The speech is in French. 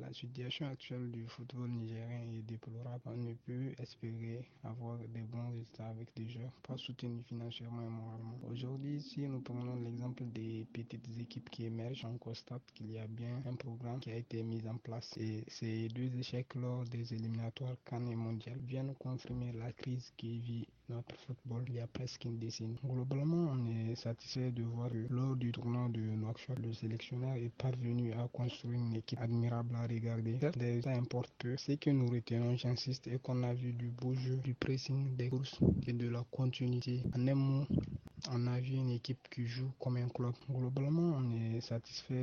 La situation actuelle du football nigérien est déplorable. On ne peut espérer avoir des bons résultats avec des joueurs pas soutenus financièrement et moralement. Aujourd'hui, si nous prenons l'exemple des petites équipes qui émergent, on constate qu'il y a bien un programme qui a été mis en place. Et ces deux échecs lors des éliminatoires Cannes et mondiales viennent confirmer la crise qui vit notre football il y a presque une décennie. Globalement, on est satisfait de voir que lors du tournoi de Nouakchott, le sélectionneur est parvenu à construire une équipe admirable à regarder. Certes, ça importe peu. Ce que nous retenons, j'insiste, est qu'on a vu du beau jeu, du pressing, des courses et de la continuité. En un mot, on a vu une équipe qui joue comme un club globalement, on est satisfait